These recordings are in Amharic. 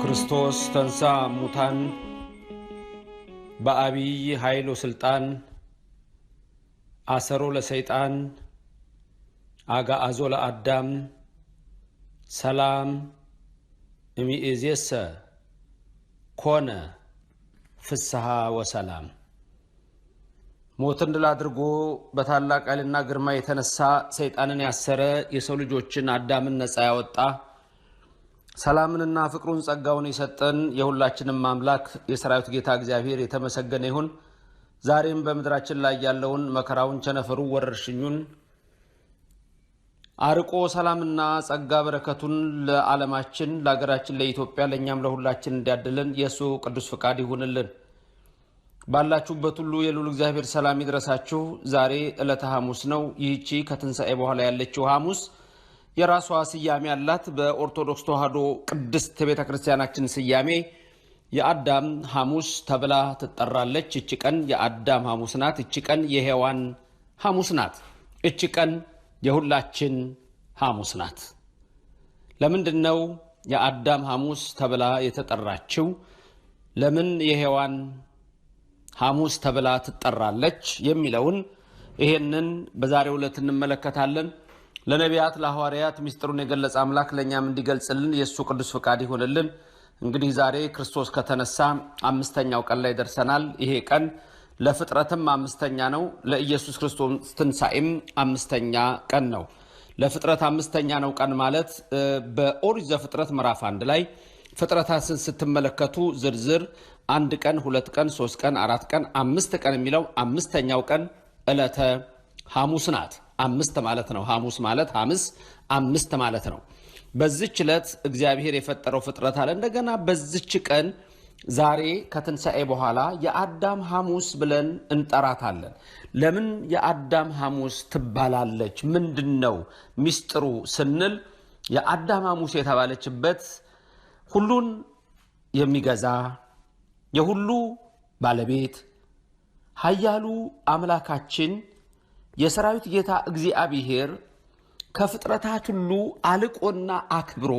ክርስቶስ ተንሳ ሙታን በአብይ ኃይል ስልጣን አሰሮ ለሰይጣን አጋአዞ ለአዳም ሰላም እሚእዜሰ ኮነ ፍስሐ ወሰላም ሞትን ድል አድርጎ በታላቅ ኃይልና ግርማ የተነሳ ሰይጣንን ያሰረ የሰው ልጆችን አዳምን ነፃ ያወጣ ሰላምንና ፍቅሩን ጸጋውን የሰጠን የሁላችንም አምላክ የሰራዊት ጌታ እግዚአብሔር የተመሰገነ ይሁን። ዛሬም በምድራችን ላይ ያለውን መከራውን፣ ቸነፈሩ፣ ወረርሽኙን አርቆ ሰላምና ጸጋ በረከቱን ለዓለማችን፣ ለሀገራችን፣ ለኢትዮጵያ ለእኛም ለሁላችን እንዲያድልን የእሱ ቅዱስ ፍቃድ ይሁንልን። ባላችሁበት ሁሉ የሉል እግዚአብሔር ሰላም ይድረሳችሁ። ዛሬ ዕለተ ሐሙስ ነው። ይህቺ ከትንሣኤ በኋላ ያለችው ሐሙስ የራሷ ስያሜ አላት። በኦርቶዶክስ ተዋሕዶ ቅድስት ቤተ ክርስቲያናችን ስያሜ የአዳም ሐሙስ ተብላ ትጠራለች። እች ቀን የአዳም ሐሙስ ናት። እች ቀን የሔዋን ሐሙስ ናት። እች ቀን የሁላችን ሐሙስ ናት። ለምንድን ነው የአዳም ሐሙስ ተብላ የተጠራችው? ለምን የሔዋን ሐሙስ ተብላ ትጠራለች የሚለውን ይሄንን በዛሬው ዕለት እንመለከታለን። ለነቢያት ለሐዋርያት ምስጢሩን የገለጸ አምላክ ለእኛም እንዲገልጽልን የእሱ ቅዱስ ፍቃድ ይሆንልን። እንግዲህ ዛሬ ክርስቶስ ከተነሳ አምስተኛው ቀን ላይ ደርሰናል። ይሄ ቀን ለፍጥረትም አምስተኛ ነው፣ ለኢየሱስ ክርስቶስ ትንሣኤም አምስተኛ ቀን ነው። ለፍጥረት አምስተኛ ነው ቀን ማለት በኦሪት ዘፍጥረት ምዕራፍ አንድ ላይ ፍጥረታትን ስትመለከቱ ዝርዝር አንድ ቀን፣ ሁለት ቀን፣ ሶስት ቀን፣ አራት ቀን፣ አምስት ቀን የሚለው አምስተኛው ቀን ዕለተ ሐሙስ ናት። አምስት ማለት ነው። ሐሙስ ማለት ሐምስ አምስት ማለት ነው። በዚች ዕለት እግዚአብሔር የፈጠረው ፍጥረት አለ። እንደገና በዚች ቀን ዛሬ ከትንሣኤ በኋላ የአዳም ሐሙስ ብለን እንጠራታለን። ለምን የአዳም ሐሙስ ትባላለች? ምንድን ነው ሚስጥሩ ስንል የአዳም ሐሙስ የተባለችበት ሁሉን የሚገዛ የሁሉ ባለቤት ኃያሉ አምላካችን የሰራዊት ጌታ እግዚአብሔር ከፍጥረታት ሁሉ አልቆና አክብሮ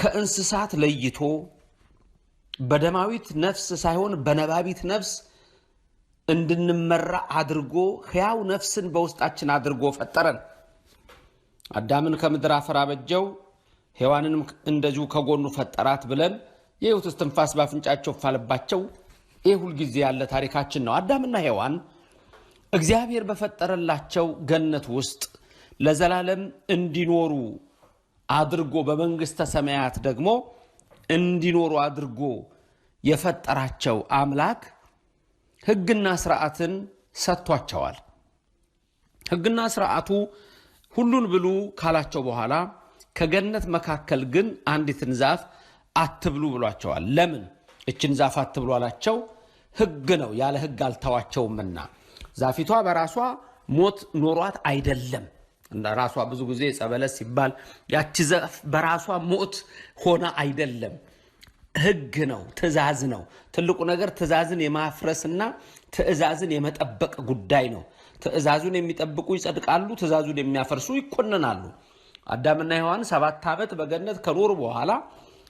ከእንስሳት ለይቶ በደማዊት ነፍስ ሳይሆን በነባቢት ነፍስ እንድንመራ አድርጎ ሕያው ነፍስን በውስጣችን አድርጎ ፈጠረን። አዳምን ከምድር አፈር አበጀው፣ ሔዋንንም እንደዚሁ ከጎኑ ፈጠራት ብለን የሕይወት እስትንፋስ በአፍንጫቸው ፋለባቸው። ይህ ሁልጊዜ ያለ ታሪካችን ነው። አዳምና ሔዋን እግዚአብሔር በፈጠረላቸው ገነት ውስጥ ለዘላለም እንዲኖሩ አድርጎ በመንግሥተ ሰማያት ደግሞ እንዲኖሩ አድርጎ የፈጠራቸው አምላክ ሕግና ስርዓትን ሰጥቷቸዋል። ሕግና ስርዓቱ ሁሉን ብሉ ካላቸው በኋላ ከገነት መካከል ግን አንዲትን ዛፍ አትብሉ ብሏቸዋል። ለምን እችን ዛፍ አትብሉ አላቸው? ህግ ነው ያለ ህግ አልተዋቸውምና ዛፊቷ በራሷ ሞት ኖሯት አይደለም። ራሷ ብዙ ጊዜ ጸበለስ ሲባል ያቺ ዛፍ በራሷ ሞት ሆነ አይደለም። ህግ ነው፣ ትእዛዝ ነው። ትልቁ ነገር ትእዛዝን የማፍረስና ትእዛዝን የመጠበቅ ጉዳይ ነው። ትእዛዙን የሚጠብቁ ይጸድቃሉ፣ ትእዛዙን የሚያፈርሱ ይኮንናሉ። አዳምና ሔዋን ሰባት ዓመት በገነት ከኖሩ በኋላ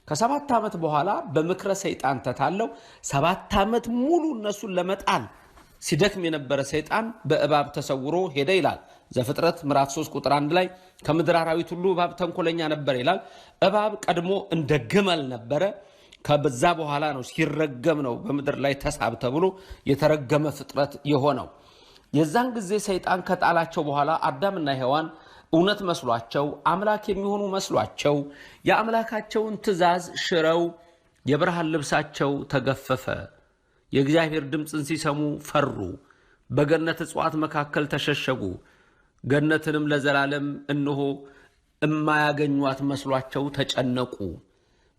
ከሰባት ዓመት በኋላ በምክረ ሰይጣን ተታለው ሰባት ዓመት ሙሉ እነሱን ለመጣል ሲደክም የነበረ ሰይጣን በእባብ ተሰውሮ ሄደ ይላል ዘፍጥረት ምዕራፍ 3 ቁጥር 1 ላይ ከምድር አራዊት ሁሉ እባብ ተንኮለኛ ነበር ይላል። እባብ ቀድሞ እንደ ግመል ነበረ። ከበዛ በኋላ ነው ሲረገም ነው በምድር ላይ ተሳብ ተብሎ የተረገመ ፍጥረት የሆነው። የዛን ጊዜ ሰይጣን ከጣላቸው በኋላ አዳምና ሔዋን እውነት መስሏቸው አምላክ የሚሆኑ መስሏቸው የአምላካቸውን ትእዛዝ ሽረው የብርሃን ልብሳቸው ተገፈፈ። የእግዚአብሔር ድምፅን ሲሰሙ ፈሩ፣ በገነት እጽዋት መካከል ተሸሸጉ። ገነትንም ለዘላለም እነሆ እማያገኟት መስሏቸው ተጨነቁ።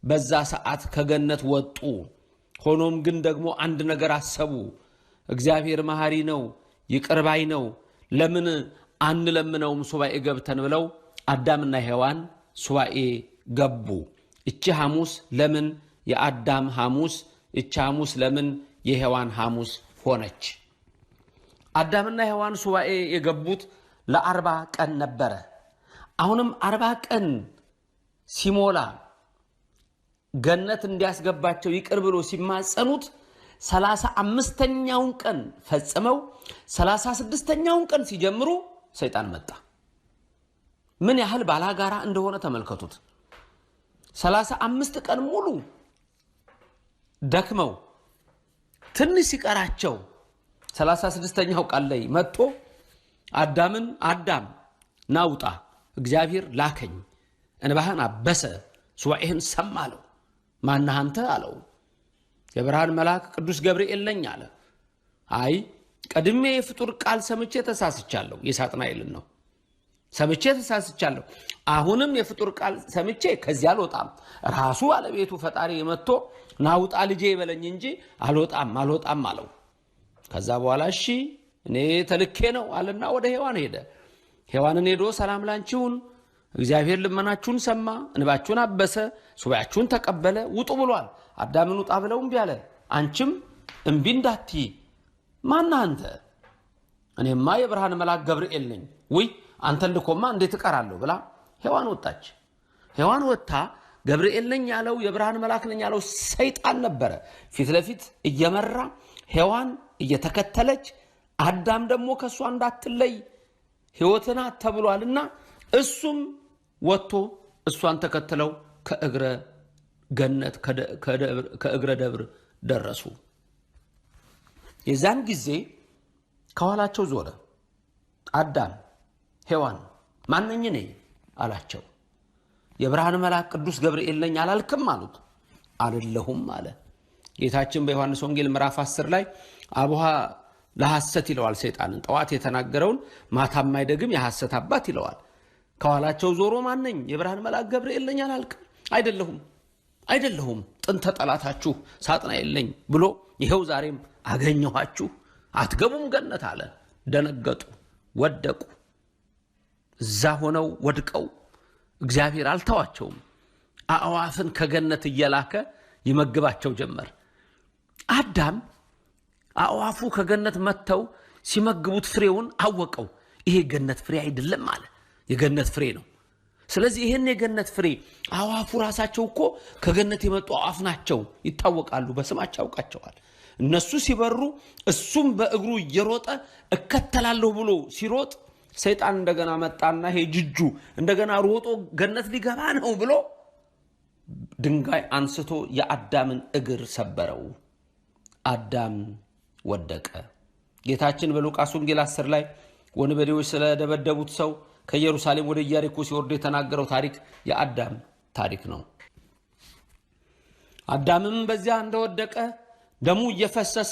በዛ ሰዓት ከገነት ወጡ። ሆኖም ግን ደግሞ አንድ ነገር አሰቡ። እግዚአብሔር መሐሪ ነው፣ ይቅርባይ ነው። ለምን አንለምነውም ሱባኤ ገብተን ብለው አዳምና ሔዋን ሱባኤ ገቡ። እቺ ሐሙስ ለምን የአዳም ሐሙስ፣ እቺ ሐሙስ ለምን የሔዋን ሐሙስ ሆነች? አዳምና ሔዋን ሱባኤ የገቡት ለአርባ ቀን ነበረ። አሁንም አርባ ቀን ሲሞላ ገነት እንዲያስገባቸው ይቅር ብሎ ሲማጸኑት ሰላሳ አምስተኛውን ቀን ፈጽመው ሰላሳ ስድስተኛውን ቀን ሲጀምሩ ሰይጣን መጣ። ምን ያህል ባላጋራ እንደሆነ ተመልከቱት። ሰላሳ አምስት ቀን ሙሉ ደክመው ትንሽ ሲቀራቸው ሰላሳ ስድስተኛው ቃል ላይ መጥቶ አዳምን አዳም ናውጣ እግዚአብሔር ላከኝ እንባህን አበሰ ስዋኤህን ሰማ አለው። ማናህ አንተ አለው። የብርሃን መልአክ ቅዱስ ገብርኤል ነኝ አለ። አይ ቀድሜ የፍጡር ቃል ሰምቼ ተሳስቻለሁ። የሳጥናኤልን ነው ሰምቼ ተሳስቻለሁ። አሁንም የፍጡር ቃል ሰምቼ ከዚህ አልወጣም። ራሱ ባለቤቱ ፈጣሪ መጥቶ ናውጣ ልጄ ይበለኝ እንጂ አልወጣም አልወጣም አለው። ከዛ በኋላ እሺ እኔ ተልኬ ነው አለና ወደ ሔዋን ሄደ። ሔዋንን ሄዶ ሰላም ላንቺውን፣ እግዚአብሔር ልመናችሁን ሰማ፣ እንባችሁን አበሰ፣ ሱባያችሁን ተቀበለ፣ ውጡ ብሏል። አዳምን ውጣ ብለው እምቢ አለ። አንቺም እምቢ እንዳትይ ማና አንተ? እኔማ የብርሃን መልአክ ገብርኤል ነኝ። ውይ አንተን ልኮማ እንዴት እቀራለሁ ብላ ሔዋን ወጣች። ሔዋን ወጥታ ገብርኤል ነኝ ያለው የብርሃን መልአክ ነኝ ያለው ሰይጣን ነበረ። ፊት ለፊት እየመራ ሔዋን እየተከተለች አዳም ደግሞ ከእሷ እንዳትለይ ሕይወትና ተብሏልና እሱም ወጥቶ እሷን ተከትለው ከእግረ ገነት ከእግረ ደብር ደረሱ። የዛን ጊዜ ከኋላቸው ዞረ። አዳም ሔዋን ማነኝ ነኝ አላቸው። የብርሃን መልአክ ቅዱስ ገብርኤል ነኝ አላልክም አሉት። አደለሁም አለ። ጌታችን በዮሐንስ ወንጌል ምዕራፍ 10 ላይ አቡሃ ለሐሰት ይለዋል ሰይጣንን። ጠዋት የተናገረውን ማታ የማይደግም የሐሰት አባት ይለዋል። ከኋላቸው ዞሮ ማነኝ? የብርሃን መልአክ ገብርኤል ነኝ አላልክም? አይደለሁም አይደለሁም ጥንተ ጠላታችሁ ሳጥና የለኝ ብሎ ይኸው ዛሬም አገኘኋችሁ፣ አትገቡም ገነት አለ። ደነገጡ፣ ወደቁ። እዛ ሆነው ወድቀው እግዚአብሔር አልተዋቸውም። አእዋፍን ከገነት እየላከ ይመግባቸው ጀመር። አዳም አእዋፉ ከገነት መጥተው ሲመግቡት ፍሬውን አወቀው። ይሄ ገነት ፍሬ አይደለም አለ፣ የገነት ፍሬ ነው። ስለዚህ ይህን የገነት ፍሬ አእዋፉ ራሳቸው እኮ ከገነት የመጡ አእዋፍ ናቸው፣ ይታወቃሉ፣ በስማቸው ያውቃቸዋል። እነሱ ሲበሩ እሱም በእግሩ እየሮጠ እከተላለሁ ብሎ ሲሮጥ ሰይጣን እንደገና መጣና ይሄ ጅጁ እንደገና ሮጦ ገነት ሊገባ ነው ብሎ ድንጋይ አንስቶ የአዳምን እግር ሰበረው። አዳም ወደቀ። ጌታችን በሉቃስ ወንጌል 10 ላይ ወንበዴዎች ስለደበደቡት ሰው ከኢየሩሳሌም ወደ ኢያሪኮ ሲወርድ የተናገረው ታሪክ የአዳም ታሪክ ነው። አዳምም በዚያ እንደወደቀ ደሙ እየፈሰሰ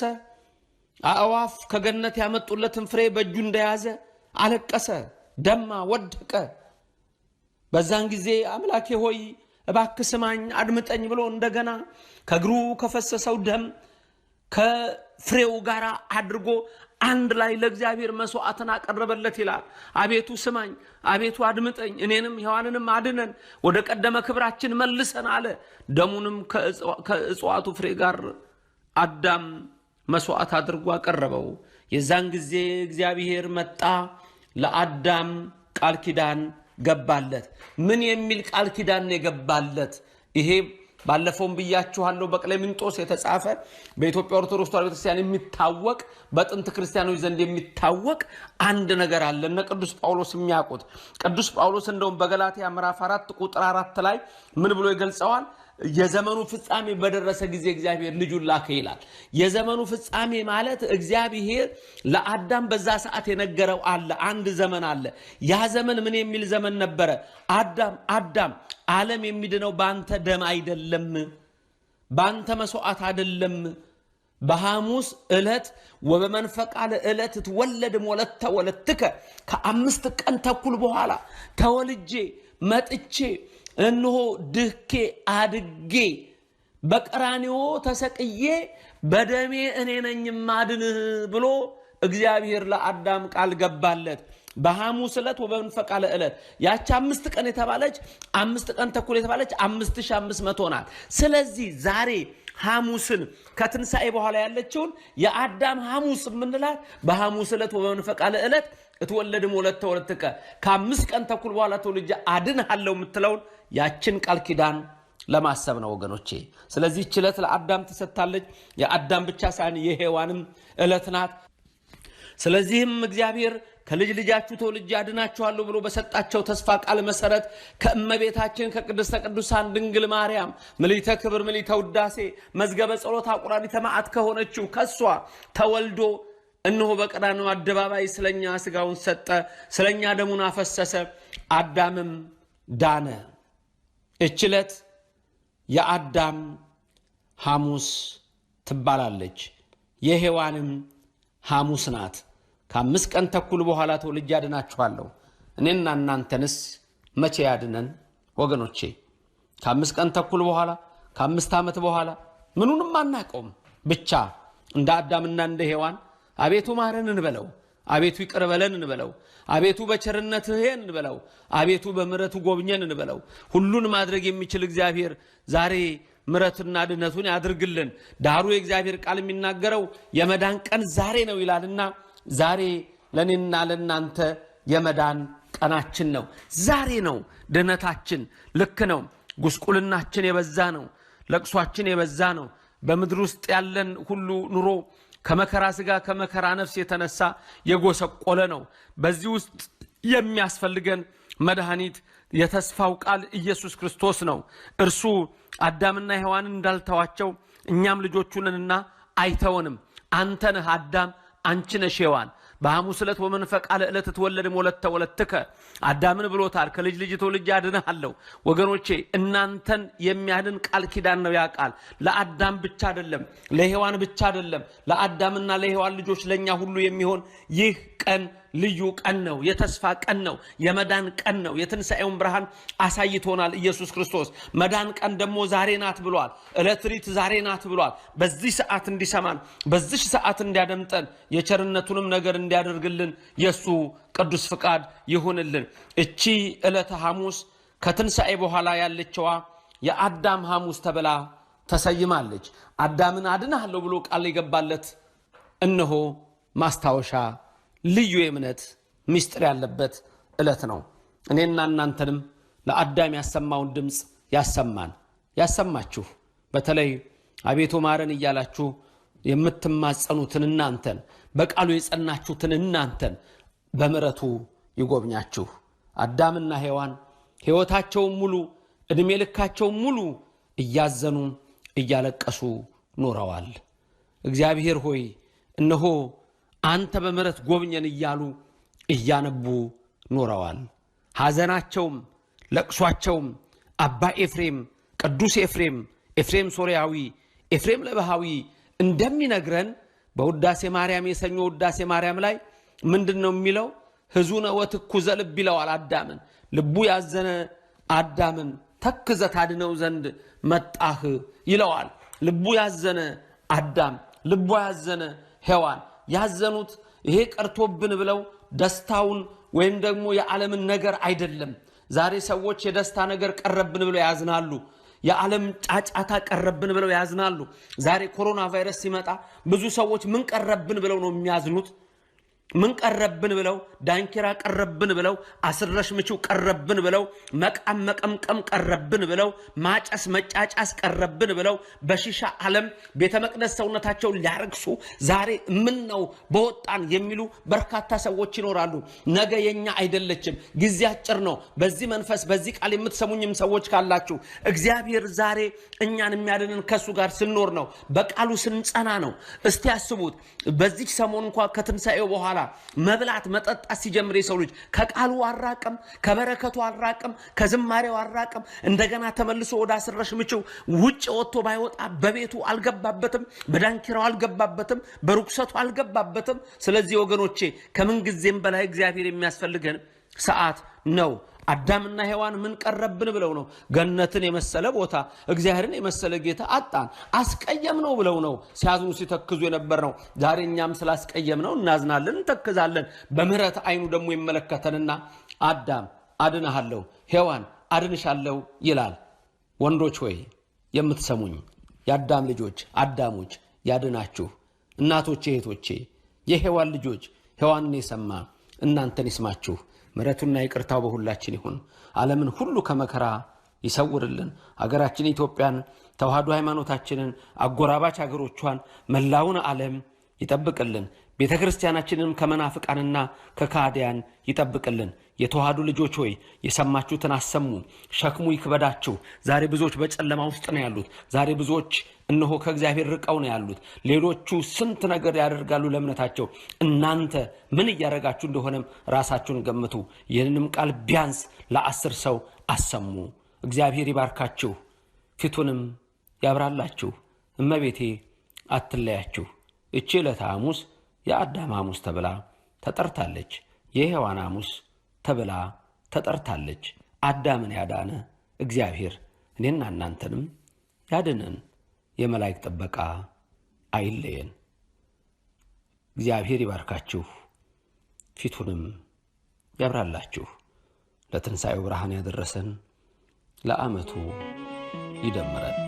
አእዋፍ ከገነት ያመጡለትን ፍሬ በእጁ እንደያዘ አለቀሰ፣ ደማ፣ ወደቀ። በዛን ጊዜ አምላኬ ሆይ እባክ ስማኝ፣ አድምጠኝ ብሎ እንደገና ከእግሩ ከፈሰሰው ደም ከፍሬው ጋር አድርጎ አንድ ላይ ለእግዚአብሔር መስዋዕትን አቀረበለት ይላል። አቤቱ ስማኝ፣ አቤቱ አድምጠኝ፣ እኔንም ሔዋንንም አድነን፣ ወደ ቀደመ ክብራችን መልሰን አለ። ደሙንም ከእጽዋቱ ፍሬ ጋር አዳም መስዋዕት አድርጎ አቀረበው። የዛን ጊዜ እግዚአብሔር መጣ፣ ለአዳም ቃል ኪዳን ገባለት። ምን የሚል ቃል ኪዳን የገባለት ይሄ ባለፈውም ብያችኋለሁ በቅሌምንጦስ የተጻፈ በኢትዮጵያ ኦርቶዶክስ ተዋሕዶ ቤተክርስቲያን የሚታወቅ በጥንት ክርስቲያኖች ዘንድ የሚታወቅ አንድ ነገር አለ። እነ ቅዱስ ጳውሎስ የሚያውቁት ቅዱስ ጳውሎስ እንደውም በገላትያ ምዕራፍ አራት ቁጥር አራት ላይ ምን ብሎ ይገልጸዋል? የዘመኑ ፍጻሜ በደረሰ ጊዜ እግዚአብሔር ልጁን ላከ ይላል። የዘመኑ ፍጻሜ ማለት እግዚአብሔር ለአዳም በዛ ሰዓት የነገረው አለ። አንድ ዘመን አለ። ያ ዘመን ምን የሚል ዘመን ነበረ? አዳም አዳም፣ ዓለም የሚድነው በአንተ ደም አይደለም፣ በአንተ መስዋዕት አይደለም በሐሙስ ዕለት ወበመንፈቃለ ዕለት ትወለድ ሞለተ ወለትከ ከአምስት ቀን ተኩል በኋላ ተወልጄ መጥቼ እነሆ ድኬ አድጌ በቀራኒዎ ተሰቅዬ በደሜ እኔ ነኝ ማድንህ ብሎ እግዚአብሔር ለአዳም ቃል ገባለት። በሐሙስ ዕለት ወበንፈቃለ ዕለት ያቺ አምስት ቀን የተባለች አምስት ቀን ተኩል የተባለች አምስት ሺህ አምስት መቶ ናት። ስለዚህ ዛሬ ሐሙስን ከትንሣኤ በኋላ ያለችውን የአዳም ሐሙስ የምንላት በሐሙስ ዕለት ወበንፈቃለ ዕለት እትወለድም ወለተ ወለትከ ከአምስት ቀን ተኩል በኋላ ትውልጃ አድንሃለሁ የምትለውን ያችን ቃል ኪዳን ለማሰብ ነው ወገኖቼ። ስለዚህ ችለት ለአዳም ትሰጥታለች። የአዳም ብቻ ሳይሆን የሔዋንም ዕለት ናት። ስለዚህም እግዚአብሔር ከልጅ ልጃችሁ ተወልጄ አድናችኋለሁ ብሎ በሰጣቸው ተስፋ ቃል መሰረት ከእመቤታችን ከቅድስተ ቅዱሳን ድንግል ማርያም ምልዕተ ክብር፣ ምልዕተ ውዳሴ፣ መዝገበ ጸሎት፣ አቁራሪተ መዓት ከሆነችው ከእሷ ተወልዶ እነሆ በቀራንዮ አደባባይ ስለኛ ስጋውን ሰጠ፣ ስለኛ ደሙን አፈሰሰ፣ አዳምም ዳነ። እችለት የአዳም ሐሙስ ትባላለች። የሔዋንም ሐሙስ ናት። ከአምስት ቀን ተኩል በኋላ ተወልጄ ያድናችኋለሁ። እኔና እናንተንስ መቼ ያድነን ወገኖቼ? ከአምስት ቀን ተኩል በኋላ ከአምስት ዓመት በኋላ ምኑንም አናቀውም። ብቻ እንደ አዳምና እንደ ሔዋን አቤቱ ማረን እንበለው። አቤቱ ይቅር በለን እንበለው። አቤቱ በቸርነትህ እንበለው። አቤቱ በምረቱ ጎብኘን እንበለው። ሁሉን ማድረግ የሚችል እግዚአብሔር ዛሬ ምረትና ድህነቱን ያድርግልን። ዳሩ የእግዚአብሔር ቃል የሚናገረው የመዳን ቀን ዛሬ ነው ይላልና ዛሬ ለእኔና ለእናንተ የመዳን ቀናችን ነው። ዛሬ ነው ድህነታችን። ልክ ነው። ጉስቁልናችን የበዛ ነው። ለቅሷችን የበዛ ነው። በምድር ውስጥ ያለን ሁሉ ኑሮ ከመከራ ስጋ ከመከራ ነፍስ የተነሳ የጎሰቆለ ነው። በዚህ ውስጥ የሚያስፈልገን መድኃኒት የተስፋው ቃል ኢየሱስ ክርስቶስ ነው። እርሱ አዳምና ሔዋንን እንዳልተዋቸው እኛም ልጆቹንንና አይተውንም። አንተ ነህ አዳም፣ አንቺ ነሽ ሔዋን በሐሙስ ዕለት ወመንፈቅ አለ ዕለት ትወለድ ወለተ ወለትከ አዳምን ብሎታል። ከልጅ ልጅ ትውልጅ አድንሃለሁ። ወገኖቼ እናንተን የሚያድን ቃል ኪዳን ነው። ያ ቃል ለአዳም ብቻ አይደለም፣ ለሔዋን ብቻ አይደለም፣ ለአዳምና ለሔዋን ልጆች ለእኛ ሁሉ የሚሆን ይህ ቀን ልዩ ቀን ነው። የተስፋ ቀን ነው። የመዳን ቀን ነው። የትንሣኤውን ብርሃን አሳይቶናል ኢየሱስ ክርስቶስ። መዳን ቀን ደግሞ ዛሬ ናት ብሏል። እለትሪት ዛሬ ናት ብሏል። በዚህ ሰዓት እንዲሰማን፣ በዚህ ሰዓት እንዲያደምጠን፣ የቸርነቱንም ነገር እንዲያደርግልን የእሱ ቅዱስ ፍቃድ ይሁንልን። እቺ ዕለተ ሐሙስ ከትንሣኤ በኋላ ያለችዋ የአዳም ሐሙስ ተብላ ተሰይማለች። አዳምን አድናለሁ ብሎ ቃል የገባለት እነሆ ማስታወሻ ልዩ የእምነት ምስጢር ያለበት ዕለት ነው። እኔና እናንተንም ለአዳም ያሰማውን ድምፅ ያሰማን ያሰማችሁ። በተለይ አቤቱ ማረን እያላችሁ የምትማጸኑትን እናንተን በቃሉ የጸናችሁትን እናንተን በምረቱ ይጎብኛችሁ። አዳምና ሔዋን ሕይወታቸውን ሙሉ ዕድሜ ልካቸውን ሙሉ እያዘኑ እያለቀሱ ኖረዋል። እግዚአብሔር ሆይ እነሆ አንተ በምሕረት ጎብኘን እያሉ እያነቡ ኖረዋል። ሐዘናቸውም ለቅሷቸውም አባ ኤፍሬም ቅዱስ ኤፍሬም ኤፍሬም ሶርያዊ ኤፍሬም ለባሃዊ እንደሚነግረን በውዳሴ ማርያም የሰኞ ውዳሴ ማርያም ላይ ምንድን ነው የሚለው? ሕዙነ ወትኩዘ ልብ ይለዋል። አዳምን ልቡ ያዘነ አዳምን ተክዘ ታድነው ዘንድ መጣህ ይለዋል። ልቡ ያዘነ አዳም፣ ልቧ ያዘነ ሔዋን ያዘኑት ይሄ ቀርቶብን ብለው ደስታውን ወይም ደግሞ የዓለምን ነገር አይደለም። ዛሬ ሰዎች የደስታ ነገር ቀረብን ብለው ያዝናሉ። የዓለም ጫጫታ ቀረብን ብለው ያዝናሉ። ዛሬ ኮሮና ቫይረስ ሲመጣ ብዙ ሰዎች ምን ቀረብን ብለው ነው የሚያዝኑት። ምን ቀረብን ብለው ዳንኪራ ቀረብን ብለው አስረሽ ምቹ ቀረብን ብለው መቃም መቀምቀም ቀረብን ብለው ማጨስ መጫጫስ ቀረብን ብለው በሺሻ ዓለም ቤተ መቅደስ ሰውነታቸውን ሊያረግሱ ዛሬ ምን ነው በወጣን የሚሉ በርካታ ሰዎች ይኖራሉ። ነገ የኛ አይደለችም፣ ጊዜ አጭር ነው። በዚህ መንፈስ በዚህ ቃል የምትሰሙኝም ሰዎች ካላችሁ እግዚአብሔር ዛሬ እኛን የሚያድንን ከእሱ ጋር ስንኖር ነው፣ በቃሉ ስንጸና ነው። እስቲ ያስቡት በዚህ ሰሞን እንኳ ከትንሣኤው በኋላ በኋላ መብላት መጠጣት ሲጀምር የሰው ልጅ ከቃሉ አራቅም፣ ከበረከቱ አራቅም፣ ከዝማሬው አራቅም። እንደገና ተመልሶ ወደ አስረሽ ምችው ውጭ ወጥቶ ባይወጣ በቤቱ አልገባበትም፣ በዳንኪራው አልገባበትም፣ በርኩሰቱ አልገባበትም። ስለዚህ ወገኖቼ ከምንጊዜም በላይ እግዚአብሔር የሚያስፈልገን ሰዓት ነው። አዳምና ሔዋን ምን ቀረብን ብለው ነው ገነትን የመሰለ ቦታ እግዚአብሔርን የመሰለ ጌታ አጣን አስቀየም ነው ብለው ነው ሲያዝኑ ሲተክዙ የነበር ነው። ዛሬ እኛም ስላስቀየም ነው እናዝናለን፣ እንተክዛለን። በምህረት አይኑ ደግሞ ይመለከተንና አዳም አድንሃለሁ፣ ሔዋን አድንሻለሁ ይላል። ወንዶች ሆይ የምትሰሙኝ የአዳም ልጆች አዳሞች ያድናችሁ። እናቶቼ እህቶቼ፣ የሔዋን ልጆች ሔዋንን የሰማ እናንተን ይስማችሁ። ምረቱና ይቅርታው በሁላችን ይሁን። ዓለምን ሁሉ ከመከራ ይሰውርልን። አገራችን ኢትዮጵያን፣ ተዋህዶ ሃይማኖታችንን፣ አጎራባች አገሮቿን፣ መላውን ዓለም ይጠብቅልን። ቤተ ክርስቲያናችንንም ከመናፍቃንና ከካዲያን ይጠብቅልን። የተዋሃዱ ልጆች ሆይ የሰማችሁትን አሰሙ። ሸክሙ ይክበዳችሁ። ዛሬ ብዙዎች በጨለማ ውስጥ ነው ያሉት። ዛሬ ብዙዎች እነሆ ከእግዚአብሔር ርቀው ነው ያሉት። ሌሎቹ ስንት ነገር ያደርጋሉ ለእምነታቸው። እናንተ ምን እያደረጋችሁ እንደሆነም ራሳችሁን ገምቱ። ይህንንም ቃል ቢያንስ ለአስር ሰው አሰሙ። እግዚአብሔር ይባርካችሁ፣ ፊቱንም ያብራላችሁ። እመቤቴ አትለያችሁ። እቺ ዕለተ ሐሙስ የአዳም ሐሙስ ተብላ ተጠርታለች። የሔዋን ሐሙስ ተብላ ተጠርታለች። አዳምን ያዳነ እግዚአብሔር እኔና እናንተንም ያድነን። የመላእክት ጥበቃ አይለየን። እግዚአብሔር ይባርካችሁ፣ ፊቱንም ያብራላችሁ። ለትንሣኤው ብርሃን ያደረሰን ለዓመቱ ይደምረን።